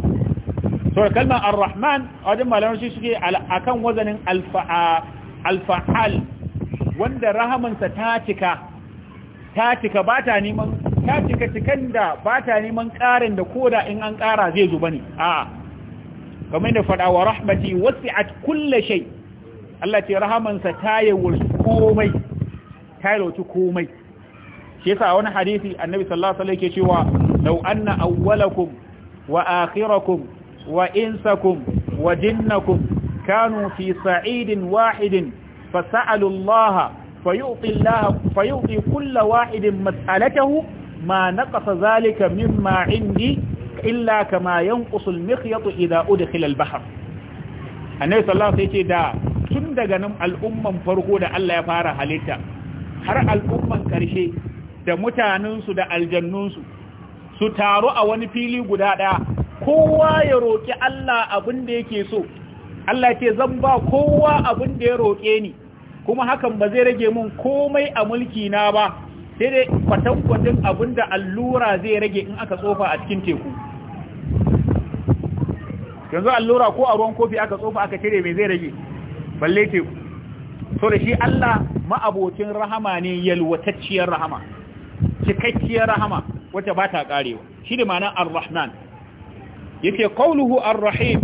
to kalmar ar-rahman wajen malamar shi suke akan wazanin al-fa'al wanda rahamansa ta cika ta cika ba ta neman ta cika cikan da ba ta neman ƙarin da koda in an ƙara zai zo ni. a'a kamar da faɗa wa rahmati wasi'at kulle shai. Allah ce rahamansa ta yawurci komai ta yawurci komai shi yasa wani hadisi annabi sallallahu alaihi wasallam cewa law anna awwalakum wa akhirakum wa insakum wa jinnakum kanu fi sa'idin wahidin fasa'alu Allah فيعطي الله فيعطي كل واحد ma naqasa zalika mimma indi illa kama yanqusu al-mikhyat idha udkhila al-bahr annabi sallallahu alaihi wasallam da tun daga nan al'umman farko da Allah ya fara halitta har al'umman karshe da mutanensu da aljannunsu su taru a wani fili guda ɗaya kowa ya roƙi Allah abin da yake so Allah ce zan ba kowa abin da ya roƙe ni kuma hakan ba zai rage mun komai a mulki na ba sai dai kwatankwacin abin da allura zai rage in aka tsofa a cikin teku yanzu allura ko a ruwan kofi aka tsofa aka cire mai zai rage balle teku so da shi Allah ma'abocin rahama ne yalwatacciyar rahama cikakkiyar rahama wacce ba ta karewa shi da ma'anar ar-rahman yace arrahim ar-rahim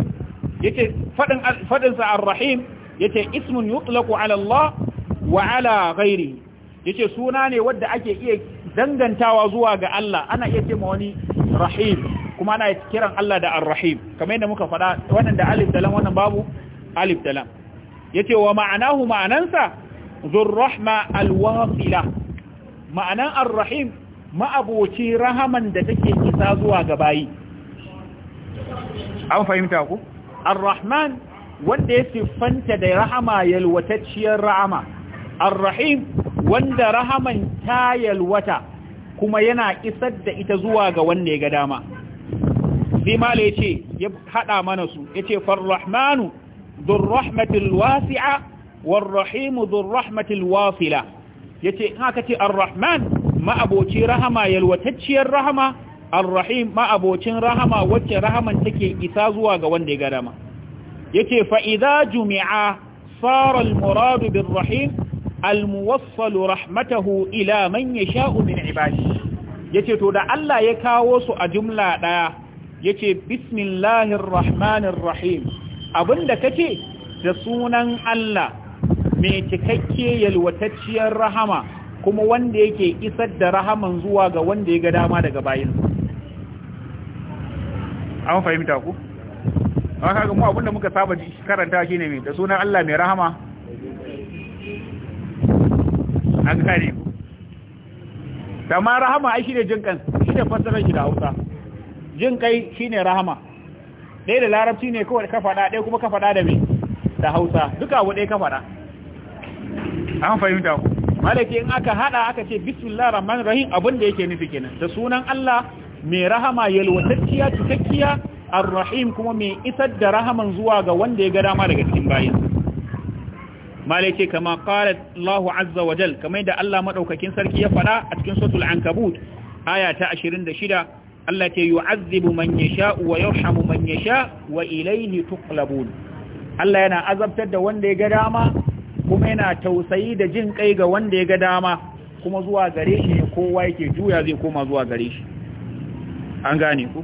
yace fadin fadin sa ismun yutlaqu ala Allah wa ala ghairihi ya ce suna ne wadda ake iya dangantawa zuwa ga Allah ana iya ce wani rahim kuma ana kiran Allah da ar-rahim kamar yadda muka faɗa wannan da alif da wannan babu alif da ya ce wa ma'anahu ma'anansa zurrahma alwasila ma'anan ar-rahim ma'aboci rahaman da take isa zuwa ga bayi an fahimta ku ar-rahman wanda ya siffanta da rahama yalwatacciyar rahama ar-rahim wanda rahaman ta yalwata kuma yana isar da ita zuwa ga wanda ya ga dama sai ya yace ya haɗa mana su yace ce rahmanu dhur rahmatil wasi'a war-rahim dhur wasila yace in aka ce ar-rahman ma'aboci rahama yalwatacciyar rahama ar-rahim ma'abocin rahama wacce rahaman take isa zuwa ga wanda ya ga dama yace faida idza jumi'a faral muradu murad rahim almuwassalu rahmatahu ila man yasha'u min ibadi yace to da Allah ya kawo su a jumla daya yace bismillahir rahmanir rahim abinda kace da sunan Allah mai cikakke yalwatacciyar rahama kuma wanda yake isar da rahaman zuwa ga wanda ya ga dama daga bayin an fahimta ku an kaga mu abinda muka saba karanta shine mai da sunan Allah mai rahama an kare ku ma rahama ai shine jin kan shine fasaran shi da Hausa jin kai shine rahama dai da larabci ne kawai ka fada dai kuma ka fada da me da Hausa duka abu dai ka fada an fahimta ku malaki in aka hada aka ce bismillahir rahmanir rahim abin da yake nufi kenan da sunan Allah mai rahama yalwatacciya cikakkiya ar-rahim kuma mai isar da rahaman zuwa ga wanda ya ga dama daga cikin bayansa malai ce kama qala Allahu azza wa jal kamar da Allah madaukakin sarki ya faɗa a cikin suratul ankabut aya ta 26 Allah ce yu'azzibu man yasha wa yarhamu man yasha wa ilayhi tuqlabun Allah yana azabtar da wanda ya ga dama kuma yana tausayi da jin kai ga wanda ya ga dama kuma zuwa gare shi kowa yake juya zai koma zuwa gare shi an gane ku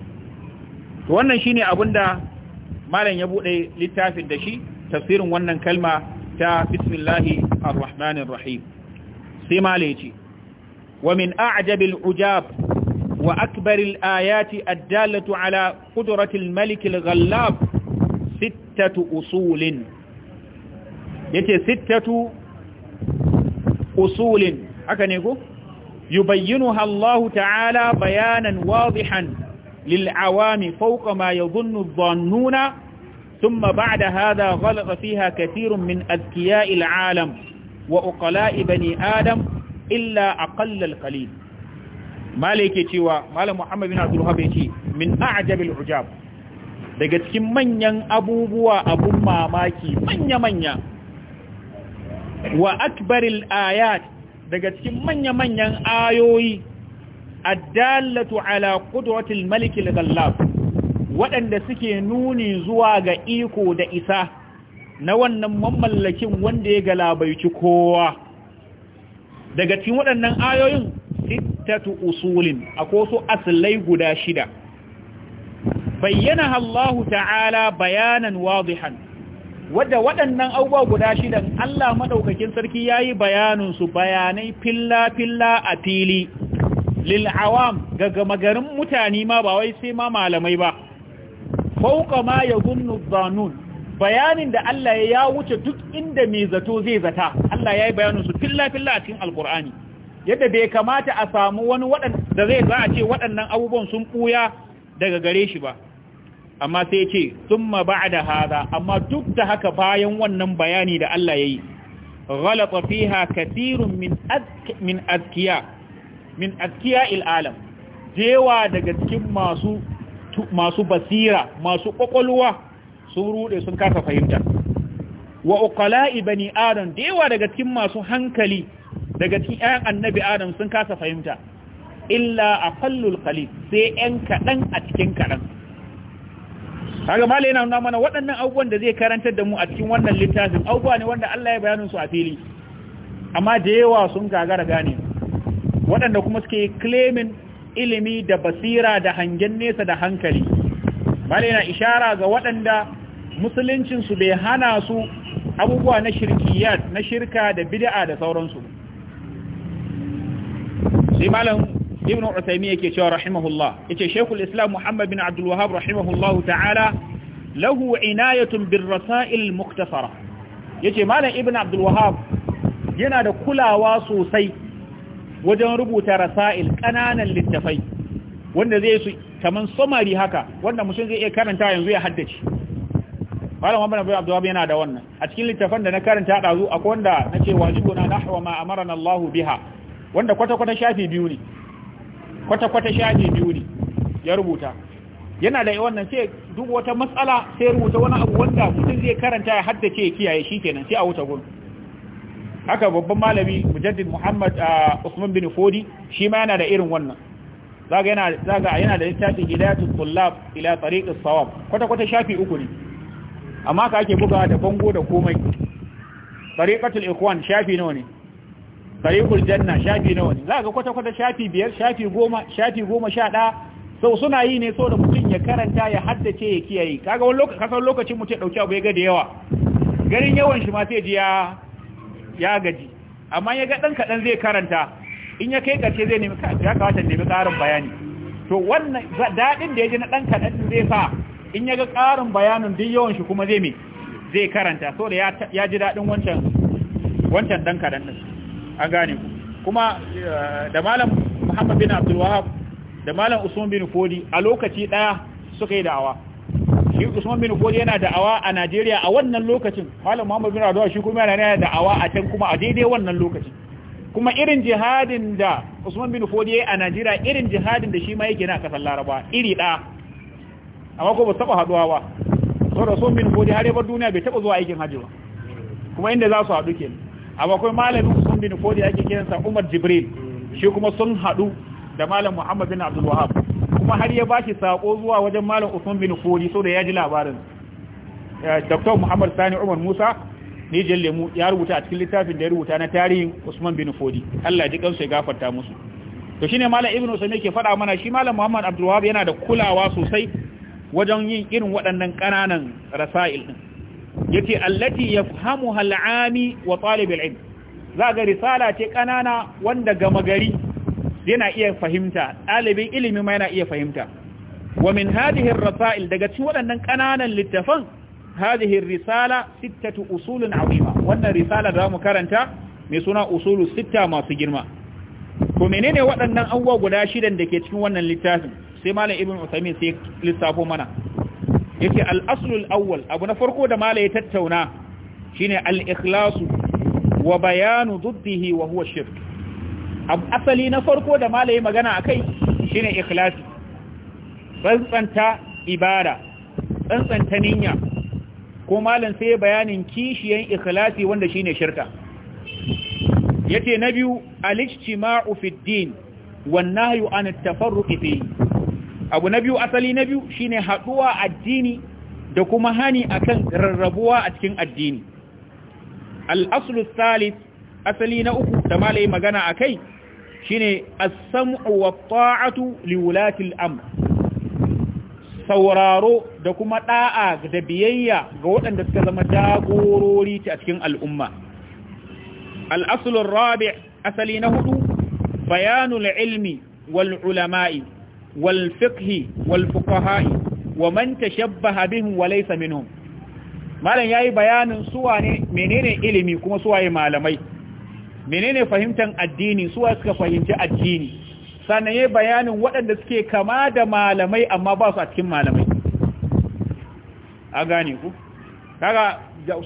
to wannan shine abinda malam ya buɗe littafin da shi tafsirin wannan kalma ta bismillahi ar rahim sai mala wa min a'jabil ujab wa akbaril ayati addalatu ala qudratil malik al-ghallab sittatu usulin yace sittatu usulin haka ne ko يبينها الله تعالى بيانا واضحا للعوام فوق ما يظن الظانون ثم بعد هذا غلط فيها كثير من أذكياء العالم وأقلاء بني آدم إلا أقل القليل مالك يتوى مال محمد بن عبد الوهاب من أعجب العجاب daga cikin manyan abubuwa abun mamaki manya-manya wa akbaril ayat daga cikin manya-manyan ayoyi addallatu ala qudratil malik al waɗanda suke nuni zuwa ga iko da isa na wannan mamallakin wanda ya galabaici kowa daga cikin waɗannan ayoyin sittatu usulin akwai su asalai guda shida bayyana Allahu ta'ala bayanan wadihan wadda waɗannan abubuwa guda shidan Allah maɗaukakin sarki ya yi bayaninsu bayanai filla-filla a fili lil'awam ga gama garin mutane ma ba wai sai ma malamai ba fauka ma ya zunnu zanun bayanin da Allah ya wuce duk inda mai zato zai zata Allah ya yi bayaninsu su a cikin alkur'ani yadda bai kamata a samu wani da zai za a ce waɗannan abubuwan sun ɓuya daga gare shi ba amma sai ce sun ma ba da haza amma duk da haka bayan wannan bayani da Allah ya yi ghalata fiha kathirun min azkiya min azkiya il alam jewa daga cikin masu masu basira masu kwakwalwa sun rude sun kasa fahimta wa uqala'i bani adam da yawa daga cikin masu hankali daga cikin ƴan annabi adam sun kasa fahimta illa aqallul qalil sai 'yan kadan a cikin kadan kaga malai yana nuna mana waɗannan abubuwan da zai karantar da mu a cikin wannan littafin abubuwa ne wanda Allah ya bayanin su a fili amma da yawa sun gagara gane waɗanda kuma suke claiming ilimi da basira da hangen nesa da hankali bale na ishara ga waɗanda musuluncinsu bai hana su abubuwa na shirkiyat na shirka da bid'a da sauransu sai malam ibn Uthaymeen yake cewa rahimahullah yace Sheikhul Islam Muhammad bin Abdul Wahhab rahimahullahu ta'ala lahu inayatun bir rasail muktasara yace malam ibn Abdul Wahhab yana da kulawa sosai wajen rubuta rasail kananan littafai wanda zai su kaman somari haka wanda mutum zai iya karanta yanzu ya haddace malam Muhammad Abu Abdullah yana da wannan a cikin littafan da na karanta da zu akwai wanda na ce nace wajibuna nahwa ma amarana Allah biha wanda kwata kwata shafi biyu ne kwata kwata shafi biyu ne ya rubuta yana da wannan sai duk wata matsala sai rubuta wani abu wanda mutum zai karanta ya haddace ya kiyaye kenan sai a wuta gurin haka babban malami mujaddid muhammad usman bin fodi shi ma yana da irin wannan zaga yana zaga yana da littafin hidayatul tullab ila tariq sawab kwata kwata shafi uku ne amma ka ake buga da bango da komai tariqatul ikhwan shafi nawa ne tariqul janna shafi nawa ne zaga kwata kwata shafi biyar shafi goma shafi goma sha da sau suna yi ne da mutum ya karanta ya haddace ya kiyaye kaga wani lokaci lokacin mutum ya dauki abu ya ga da yawa garin yawan shi ma sai ji ya ya gaji amma ya ga ɗan kaɗan zai karanta in ya kai ƙarshe zai nemi ya kawata nemi ƙarin bayani to wannan daɗin da ya ji na ɗan kaɗan zai fa, in ya ga ƙarin bayanin duk yawan shi kuma zai me zai karanta so da ya ji daɗin wancan wancan ɗan kaɗan din an gane ku kuma eh, da malam muhammad bin abdul wahab da malam usman bin fodi a lokaci ɗaya suka yi da'awa shi Usman bin Fodi yana da'awa a Najeriya a wannan lokacin Malam Muhammad bin Adawa shi kuma yana da'awa a can kuma a daidai wannan lokacin kuma irin jihadin da Usman bin Fodi yayi a Najeriya irin jihadin da shi ma yake na kasar Laraba iri da amma ko ba taba haduwa ba da Usman bin Fodi har yabar duniya bai taba zuwa aikin hajji ba kuma inda za su haɗu ke amma kuma malamin Usman bin Fodi yake kiransa Umar Jibril shi kuma sun hadu da Malam Muhammad bin Abdul Wahhab kuma har ya bashi sako zuwa wajen malam Usman bin Khuli so da ya ji labarin Dr. Muhammad Sani Umar Musa ne lemu ya rubuta a cikin littafin da ya rubuta na tarihin Usman bin Fodi Allah ji kansa ya gafarta musu to shine malam Ibn Usman yake faɗa mana shi malam Muhammad Abdul Wahab yana da kulawa sosai wajen yin irin waɗannan ƙananan rasail din yace allati yafhamuha al-ami wa talib al-ilm za ga risala ce kanana wanda gama gari yana iya fahimta ɗalibin ilimi ma yana iya fahimta wa min hadhihi rasail daga cikin waɗannan ƙananan littafan hadhihi risala sittatu usulun azima wannan risala da mu karanta mai suna usulu sitta masu girma ko menene waɗannan abubuwa guda shidan da ke cikin wannan littafin sai malam ibn usaimin sai lissafo mana yake al-aslul awwal abu na farko da malam ya tattauna shine al-ikhlasu wa bayanu duddihi wa huwa shirk asali na farko da malaye magana a kai shi ne ikhlasi tsantsanta ibada tsantsanta niyya ko malam sai bayanin kishiyan ikhlasi wanda shine shirka yace na biyu al-ijtima'u fi din wan nahyu an at fi abu na biyu asali na biyu shine haɗuwa addini da kuma hani akan rarrabuwa a cikin addini al-aslu asali na uku da malai magana akai shine as-sam'u wat-ta'atu liwulati al-amr sauraro da kuma da'a da biyayya ga waɗanda suka zama jagorori ta cikin al'umma al-aslu rabi asali na hudu bayanul ilmi wal ulama'i wal fiqhi wal fuqaha'i wa man tashabbaha bihim wa laysa minhum malam yayi bayanin suwa ne menene ilimi kuma suwaye malamai menene fahimtar addini suwa suka fahimci addini sannan yayin bayanin waɗanda suke kama da malamai amma ba su a cikin malamai a gane ku kaga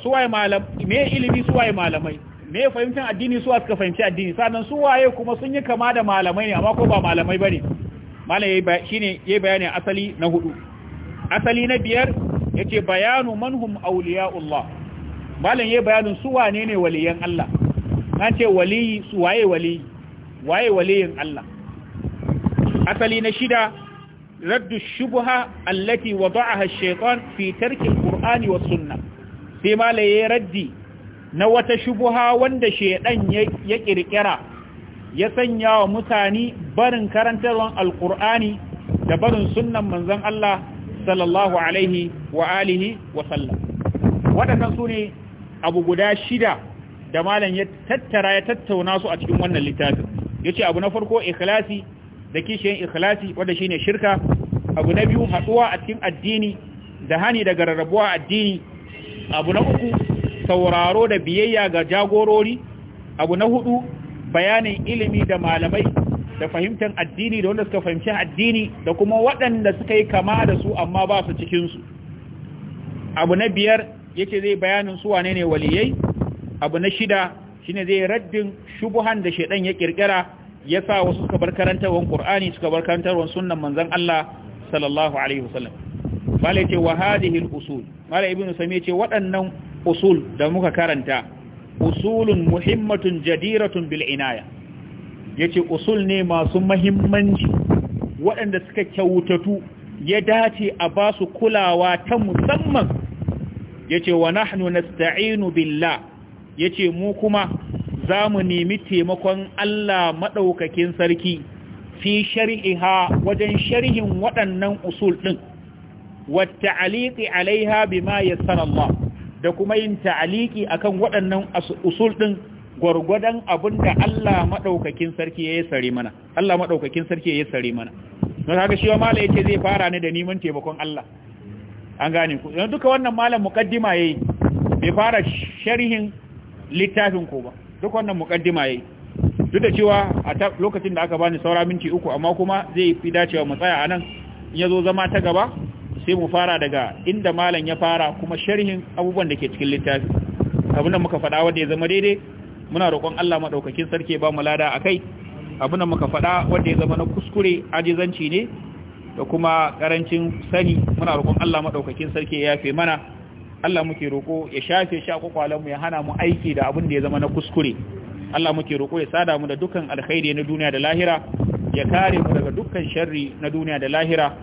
suwaye malam me ilimi suwaye malamai me fahimtar addini suwa suka fahimci addini sannan suwaye kuma sun yi kama da malamai ne amma ko ba malamai bane malam yayi shine yayi bayani asali na hudu asali na biyar yace bayanu manhum awliyaullah malam yayi bayanin suwa ne ne waliyan Allah na ce waliyi su waye waliyi waye waliyin Allah asali na shida raddu shubha allati wada'aha ash-shaytan fi tarki al-qur'ani was sunnah sai malaye raddi na wata shubha wanda shaydan ya kirkira ya sanya wa mutane barin karantarwan al-qur'ani da barin sunnan manzon Allah sallallahu alaihi wa alihi wa sallam wadannan sune abu guda shida da malam ya tattara ya tattauna su a cikin wannan littafin yace abu na farko ikhlasi da kishiyar ikhlasi wanda shine shirka abu na biyu haduwa a cikin addini da hani daga rarrabuwa addini abu na uku sauraro da biyayya ga jagorori abu na hudu bayanin ilimi da malamai da fahimtar addini da wanda suka fahimci addini da kuma waɗanda suka yi kama da su amma ba su cikinsu abu na biyar yake zai bayanin su wane ne waliyai abu na shida shine zai raddin shubuhan da shedan ya kirkira ya sa wasu suka bar karantarwar qur'ani suka bar karantarwar sunnan manzon Allah sallallahu alaihi wasallam Bale ce wa hadhihi al-usul malai ibnu sami ce waɗannan usul da muka karanta usulun muhimmatun jadiratun bil inaya yace usul ne masu muhimmanci waɗanda suka kyautatu ya dace a ba su kulawa ta musamman yace wa nahnu nasta'inu billah ya ce mu kuma za mu nemi taimakon Allah maɗaukakin sarki fi shari'iha wajen sharhin waɗannan usul ɗin wata aliki alaiha bima ya sanallah da kuma yin ta'aliki akan waɗannan usul ɗin gwargwadon abin da Allah maɗaukakin sarki ya yi sare mana Allah maɗaukakin sarki ya yi sare mana don haka shi wa mala ce zai fara ne da neman taimakon Allah an gane ku yanzu duka wannan malam muqaddima yayi bai fara sharhin littafin ko ba duk wannan mukaddima yayi duk da cewa a lokacin da aka bani saura minti uku amma kuma zai fi dacewa mu tsaya anan in yazo zama ta gaba sai mu fara daga inda malam ya fara kuma sharhin abubuwan da ke cikin littafi abin da muka faɗa wanda ya zama daidai muna roƙon Allah madaukakin sarki ba mu lada akai abin da muka faɗa wanda ya zama na kuskure ajizanci ne da kuma karancin sani muna roƙon Allah madaukakin sarki ya yafe mana Allah muke roko ya shafe shi kwakwalanmu ya hana mu aiki da abin da ya zama na kuskure Allah muke roko ya sada mu da dukkan alkhairi na duniya da lahira ya kare mu daga dukkan sharri na duniya da lahira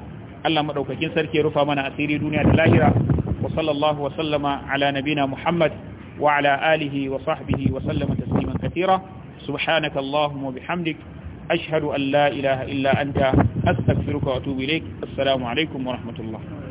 Allah madaukakin sarki ya rufa mana asiri duniya da lahira wa sallallahu wa sallama ala nabina Muhammad wa ala alihi wa sahbihi wa sallama tasliman katira subhanaka allahumma bihamdik ashhadu an la ilaha illa anta astaghfiruka wa atubu ilaik assalamu alaikum wa rahmatullah